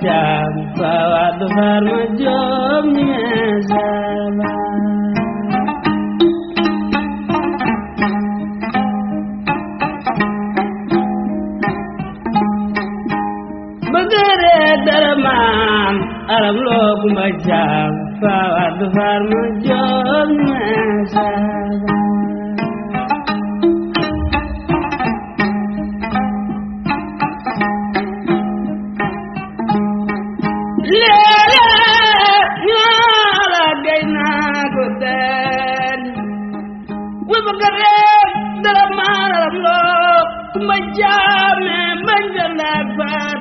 jam bawa dufar majum nyezala Bagare daramam aram lo kumbaja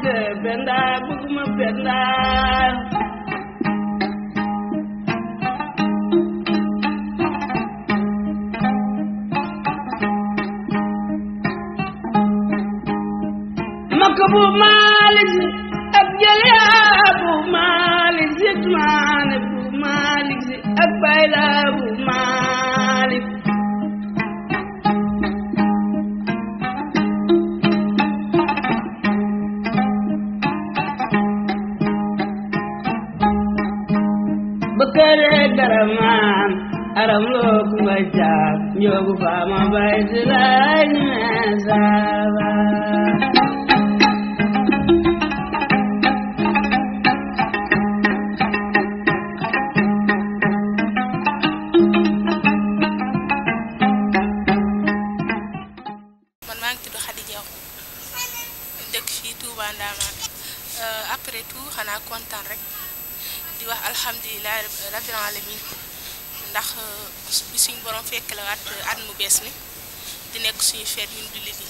de benda bëgguma benda makka bu maalis ak jaliyaa bu maalis maane bu maalis ak baylaa bu maalis lokuba ja njogu fama baisilanya saba man maa ngi tudd Khady Diaw dëkk fii Touba Ndamane euh, après tout xanaa kontaan rek di wax alhamdulilah rabbil alamin ndax suñ borom fekk la waat euh, at mu bees mi di nekk suñu feet ñun jullit yi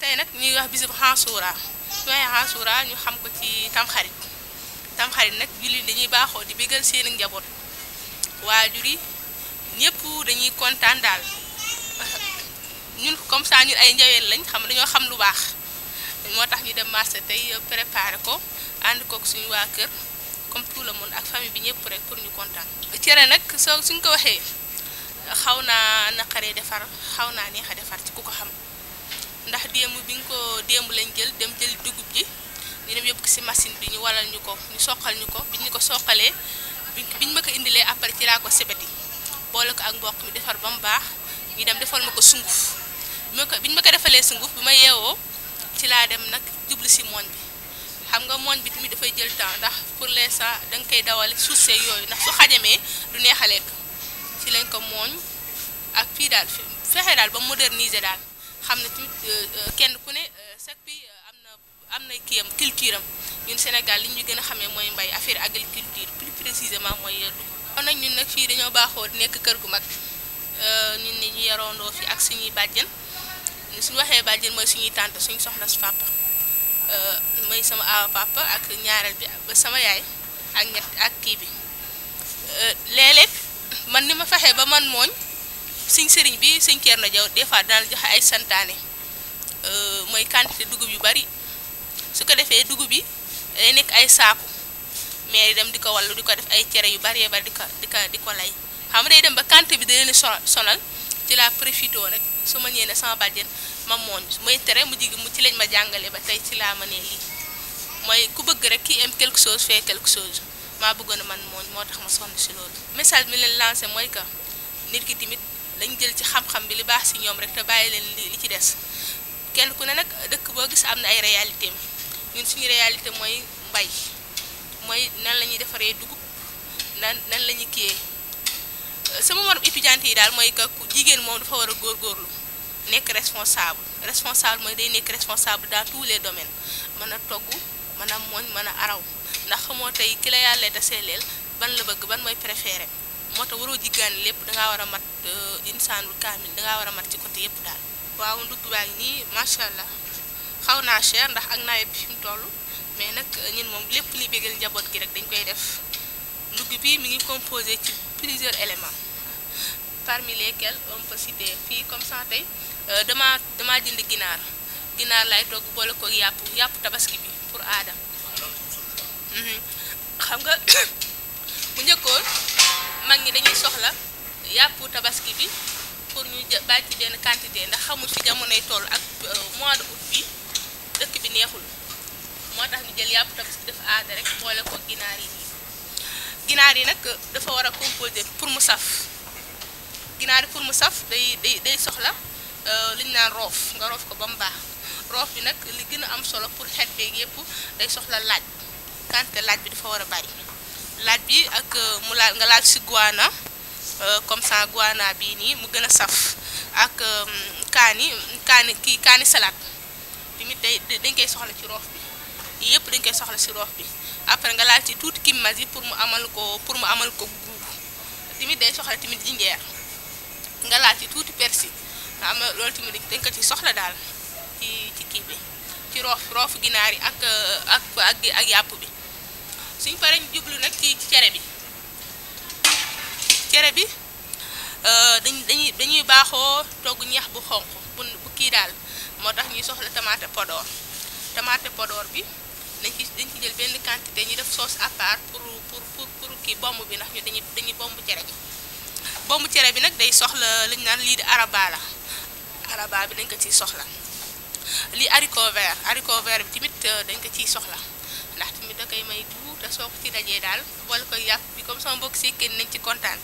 tey nag ñuy wax bisub Hansoura ñu waxee Hansoura ñu xam ko ci tamxarit tamxarit nag jullit dañuy baaxoo di bégal seeni njaboot waajur yi ñëpp dañuy kontaan daal ñun comme ça ñun ay njaween lañ xam dañoo xam lu baax moo tax ñu dem marché tey préparé ko ànd kook suñu waa kër comme tout le bi ñëpp rek pour ñu kontaan. cere nag soo suñ ko waxee xaw naa naqaree defar xaw naa neex a defar ci ku ko xam ndax démb bi nga ko démb lañ jël dem jël dugub ji ñu dem yóbbu ko si machine bi ñu walal ñu ko ñu soqal ñu ko bi ñu ko soqalee biñ ma ko indilee après ci laa ko sebeti boole ko ak mboq mi defar ba mu baax ñu dem defoon ma ko sunguf bi bi ñu ma ko defalee sunguf bi ma yeewoo ci laa dem nag jublu si mooñ bi. xam nga mooñ bi tamit dafay jël temps ndax pour le sa danga koy dawale suuf see yooyu ndax su xajamee du neex a lekk ci nañ ko mooñ ak fii daal fexe daal ba moderniser daal xam ne tamit euh, euh, kenn ku ne euh, chaque am na am na kiyam culture am ñun Sénégal li ñu gën a xamee mooy mbay affaire agriculture plus précisément mooy dugub. kon nag ñun nag fii dañoo baaxoo nekk kër gu mag nit ni ñu yaroondoo fi ak suñuy bàjjen suñu waxee bàjjen mooy suñuy tante suñu soxla su papa may sama awa papa ak ñaareel bi ba sama yaay ak ñett ak kii bi euh, léeg-léeg man ni ma fexee ba man mooñ suñ sëriñ bi suñ Thierno Diaw des fois daan joxe ay santaane euh, mooy quantité dugub yu bari su ko defee dugub yi day nekk ay saaku mais dem di ko wallu di ko def ay cere yu bari ba di ko di ko di ko lay xam day dem ba quantité bi da leen sonal ci la profité nag su ma ñëwee ne sama bàjjen ma mooñ mooy tere mu jigi mu ci lañ ma jàngale ba tey ci laa ma lii mooy ku bëgg rek kii aime quelque chose fait quelque chose maa bëggoon a man moo moo tax ma sonn si loolu message bi leen lancé mooy que nit ki tamit lañu jël ci xam-xam bi li baax si ñoom rek te bàyyi leen li ci des kenn ku ne nag dëkk boo gis am na ay réalité ñun suñu réalité mooy mbay mooy nan la ñuy defaree dugub nan nan la ñuy kiyee sama morom étudiante yi daal mooy que jigéen moom dafa war a góorgóorlu nekk responsable responsable mooy day nekk responsable dans tous les domaines mën a togg mën a mooñ mën a araw ndax xamoo tey ki la yàlla dasee leel ban la bëgg ban mooy préféré moo tax waroo jiggaani lépp dangaa war a mat euh, insaanul kaamil dangaa war a mat ci côté yëpp daal waaw ndugg baa ngi nii macha allah xaw naa cher ndax ak nawet bi fi mu toll mais nag euh, ñun moom lépp li bégal njaboot gi rek dañ koy def ndugg bi mi ngi composé ci plusieurs éléments parmi lesquels on fii comme ça tey euh, dama dama jënd ginaar ginaar lay togg boole ko yàpp yàpp tabaski bi pour aada mhm. xam nga bu njëkkoon mag ñi dañuy soxla yàppu tabaski bi pour ñu bàyyi ci benn quantité ndax xamul fi jamonoy toll ak euh, mois de août bi dëkk bi neexul moo tax ñu jël yàpp tabaski def aada rek boole ko ginaar yi ginaar yi nag dafa war a composer pour mu saf ginaar yi pour mu saf day day day soxla euh, li ñu naan roof nga roof ko ba mu baax roof bi nag li gën a am solo pour xet beeg yëpp day soxla laaj kante laaj bi dafa war a bari laaj bi ak euh, mu laal nga laal si guana euh, comme ça guana bii nii mu gën a saf ak euh, kaani kaani kii kaani salade tamit day dañ koy soxla ci roof bi yëpp dañ koy soxla si roof bi après nga laal ci tuuti kimmas yi pour mu amal ko pour mu amal ko guub tamit day soxla tamit jinjeer nga laal ci tuuti persil am loolu tamit dañ ko soxla daal ci ci kii bi roofu ginaar yi ak ak ak ak yàpp bi suñ paree ñu jublu nag ci cere bi cere bi euh, dañ dañuy dañuy baaxoo togg ñax bu xonq bu kii daal moo tax ñuy soxla tomate podor tomate podor bi dañ ci dañ ci jël benn quantité ñu def sauce à pour pour pour kii bomb bi ndax ñu dañuy dañuy bomb cere bi bomb cere bi nag day soxla lañ naan lii di araba la araba bi dañ ko ciy soxla li haricot vert bi tamit euh, dañ ko ciy soxla ndax tamit da koy may dugub te soo ko ci dajee daal boole ko yàpp bi comme sama mbokk si kenn nañ ci kontaan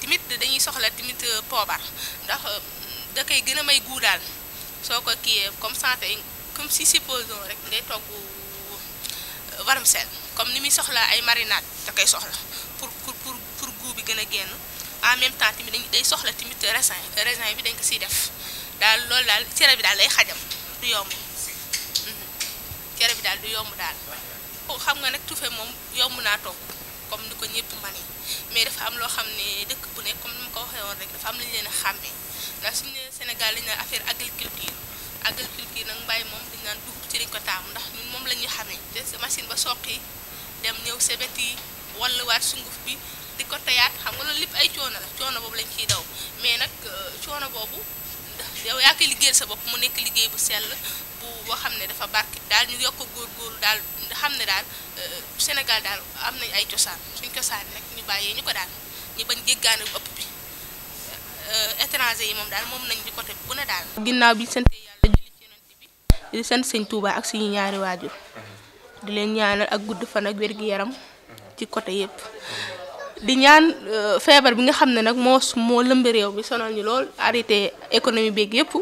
tamit dañuy soxla tamit euh, poobar ndax euh, da koy gën a may guu daal soo ko kiiyee comme santé comme si supposons rek ngay togg vermicelle comme ni muy soxla ay marinade da koy soxla pour pour pour pour goût bi gën a génn en même temps tamit dañ day soxla tamit raisin raisin bi dañ ko siy def daal loolu daal cere bi daal lay xajam du yomb cere bi daal du yomb daal xam nga nag tufe moom yomb naa toog comme ni ko ñëpp mane mais dafa am loo xam ne dëkk bu nekk comme ni ma ko waxee woon rek dafa am lañu leen a xàmmee ndax suñu ne Sénégal lañu naan affaire agriculture agriculture nag mbay moom dañu naan ci lañ ko taamu ndax ñun moom la ñuy xamee te machine ba soqi dem ñëw sebet yi walluwaat sunguf bi di ko teyaat xam nga loolu lépp ay coono la coono boobu lañ ciy daw mais nag euh, coono boobu yow yaa koy liggéeyal sa bopp mu nekk liggéey bu sell bu boo xam ne dafa barke daal ñu yokk góorgóorlu daal xam ne daal euh, Sénégal daal am nañ ay cosaan suñ cosaan nag ñu bàyyee ñu ko daal ñu bañ jéggaane bu ëpp bi euh, étranger yi moom daal moom nañ di côté bu ne daal. ginnaaw bi sant yàlla julli ci yonent bi di ak suñu ñaari waajur di leen ñaanal ak gudd fan ak wér-gi-yaram ci côté yëpp. di ñaan euh, feebar bi nga xam ne nag moo moo lëmb réew mi sonal ñu lool arrêté économie beeg yëpp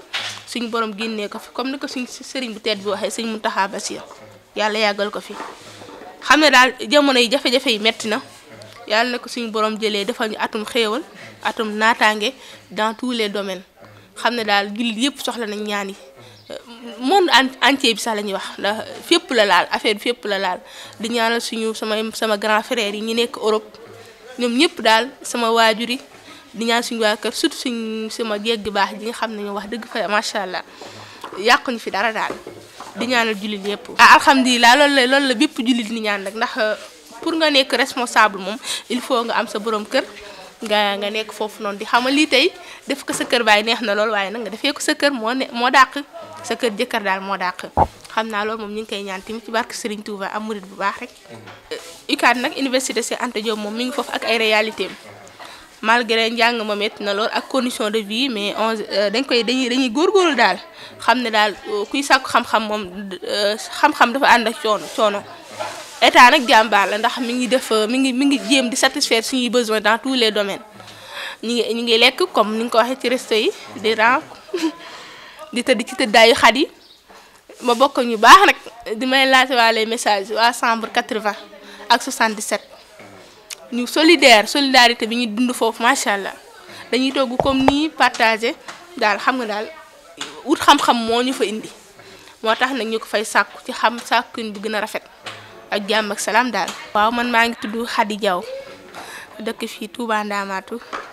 suñu borom génnee ko fi comme ni ko suñ sëriñ bu tedd bi waxee suñ Mountakha Bassir yàlla yàggal ko fi xam ne daal jamono yi jafe-jafe yi metti na yàlla na ko suñu borom jëlee defal ñu atum xéewal atum naataange dans tous les domaines xam ne daal gil yëpp soxla nañ ñaan yi monde entier bi sax la ñuy wax ndax fépp la laal affaire bi fépp la laal di ñaanal suñu sama sama grand yi ñu nekk Europe. ñoom ñëpp daal sama waajur yi di ñaan suñu waa kër surtout suñ sama jéggi baax ji nga xam ne ñoo wax dëgg fa macha allah yàquñu fi dara daal di ñaanal jullit yëpp. ah alhamdulilah loolu la loolu la bépp jullit di ñaan nag ndax euh, pour nga nekk responsable moom il faut nga am sa borom kër. nga nga nekk foofu noonu di xamal lii tey def ko sa kër baay neex na lool waaye nag nga defee ko sa kër moo ne moo dàq sa kër jëkkër daal moo dàq xam naa loolu moom ñu ngi koy ñaan ti tamit ci barke Serigne Touba am murit bu baax rek. Mhm. Euh, UCAD nag université Cheikh Anta Diop moom mi ngi foofu ak ay réalités malgré njàng ma métti na lool ak condition de vie mais on euh, dañ koy dañuy góor góorgóorlu daal xam ne daal euh, kuy sàkku xam-xam moom xam-xam dafa ànd ak coono coono. état nag jàmbaar la ndax mi ngi def mi ngi mi ngi jéem di satisfaire suñuy besoin dans tous les domaines ñu ngi ñu ngi lekk comme ni nga ko waxee ci resto yi di ran di tëdd ci tëddaayu xat yi ma bokk ñu baax nag di may laajte waa les messages waa chambre 80 ak 77 ñu solidaire solidarité bi ñu dund foofu macha allah dañuy togg comme nii partagé daal xam nga daal wut xam-xam moo ñu fa indi moo tax nag ñu ko fay sàkku ci xam sàkkuñ bu gën a rafet. ak jàmm ak salaam daal. waaw man maa ngi tudd Khady Diaw fi fii Touba